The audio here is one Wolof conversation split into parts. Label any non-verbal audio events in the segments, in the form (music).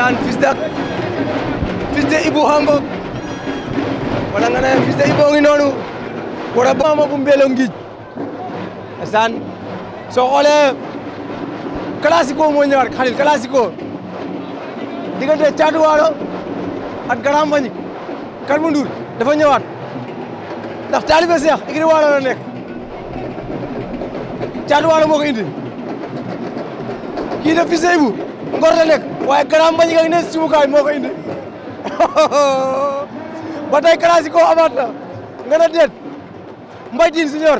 ndeysaan fils de fils de Ibou Hambok wala nga ne fils de Ibou ngi noonu wala booma bu mbeelo ngij ndeysaan soo xoolee classico moo ñëwaat xalil classico diggante Thiatou Walo ak Grand Mbagnick Kalma Ndour dafa ñëwaat ndax taalibe Seex igri Waalo la nekk Thiatou Walo moo ko indi kii de de Ibou Ngor la nekk waaye Kara Mbagnick ak ne sibukaay moo ko indi (laughs) ba tey Kara si kaw amaat na nga ne déet Mbaye Tine Senior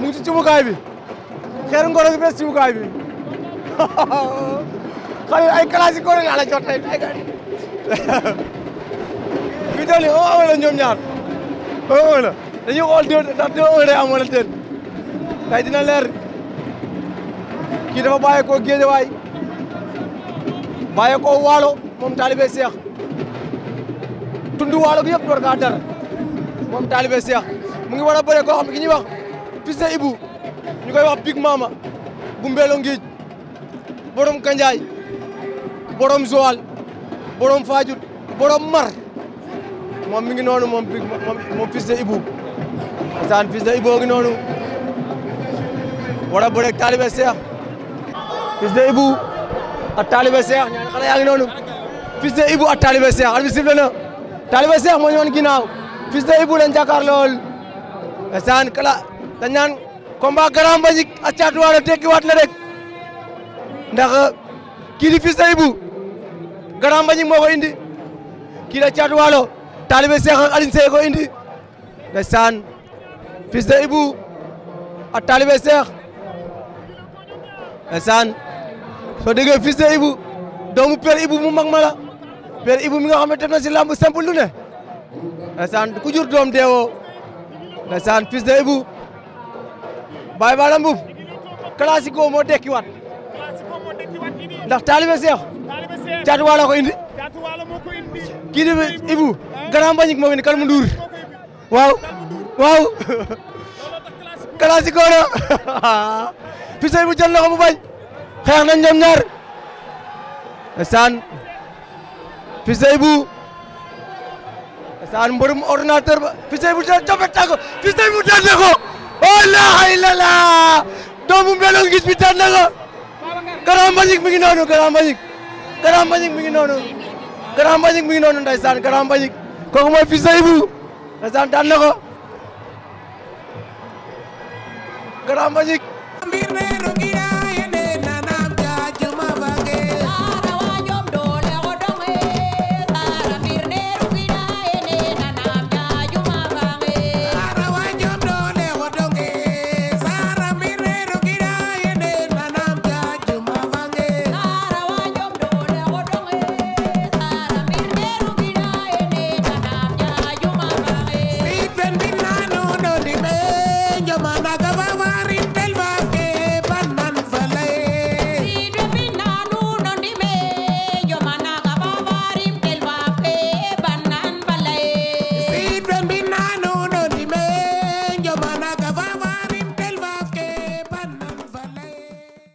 mu ngi ci sibukaay bi xeer ngoro ngi fee sibukaay bi (laughs) xale ay Kara si kaw rek la jot tey tey kay oo oo la ñoom ñaar oo oh, oo oh, la dañuy xool deux ndax deux oo day amoon na déet tey dina leer kii dafa bàyyi ko géejawaay bàyyi ko waalo moom taalibe seex tundu waalo gi yëpp war kaa dar moom taalibe seex mu ngi war a bëre koo xam ne ki ñuy wax fils de Ibou ñu koy wax Big Mama bu Mbeelo Ngiij borom Kanjaay borom Joal borom Fajut borom Mar moom mi ngi noonu moom Big moom fils de Ibou saan fils de Ibou ngi noonu war a bëre taalibe seex de Ibou ak taalibe Cheikh ñaari yaa ngi noonu fils de Ibou ak taalibe Cheikh arbitre sifflé na taalibe Cheikh moo ñu woon ginnaaw fils de Ibou lañ jàkkaar lool saan kala dañ naan combat grand bañik a caatuwaar a tekkiwaat na rek ndax kii di fils de Ibou grand bañik moo ko indi kii da caatuwaalo taalibe Cheikh ak Alioune Seye ko indi da saan fils de Ibou ak taalibe Cheikh da saan soo déggee fils de Ibou doomu père Ibou mu mag ma la père mi nga xam ne def na si lamb simple lu ne ndeysaan ku jur doom deewoo ndeysaan fils de Ibou Baye Balla Mbuub classico moo dekkiwaat ndax taalibe Seex caatu waala ko indi kii di Ibou grand bañik moo ngi mu nduur waaw waaw (laughs) classico na (laughs) fils de Ibou jël ko mu bañ xeex nañ ñoom ñaar ndeysaan Fils Seybou ndeysaan mbërum ordinateur ba Fils bu jafet na ko Fils Seybou daan na ko oh la haylala doomu mbelo ngis bi daan na ko Grand Mbagnick mi ngi noonu Grand Mbagnick Grand mi ngi noonu Grand Mbagnick mi ngi noonu ndeysaan Grand Mbagnick kooku mooy Fils Seybou ndeysaan daan na ko Grand Mbagnick